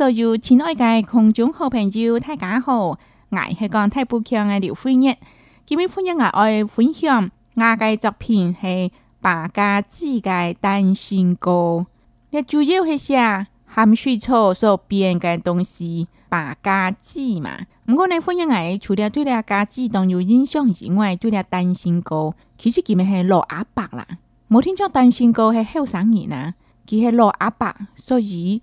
所有親愛的空中好朋友，大家好！我是講大埔腔嘅劉惠月。今日歡約我愛分享，我嘅作品係背家濟嘅《單身哥》。你主要係寫鹹水草所編嘅東西，背家濟嘛。不過呢，歡約我除了對背家濟當有印象以外，對《單身哥》其實佢咪係老阿伯啦。冇聽講《單身哥》係後生人啊，佢係老阿伯，所以。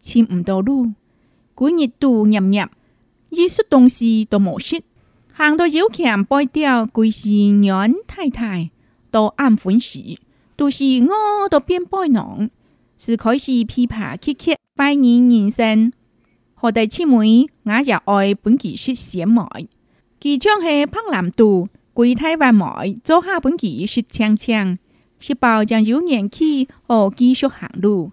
尋唔到路，歸日肚凹凹，一屑東西都冇食。行都腰拑背吊，歸身軟怠怠，到暗昏時，肚屎餓著變背囊，斯開始疲爬極蹶，懷疑人生。好得盡尾吾爺哀分佢食鮮糜，佢像係百籃肚，歸大碗糜，做下分佢食淨淨，食飽正有元氣，好繼續行路。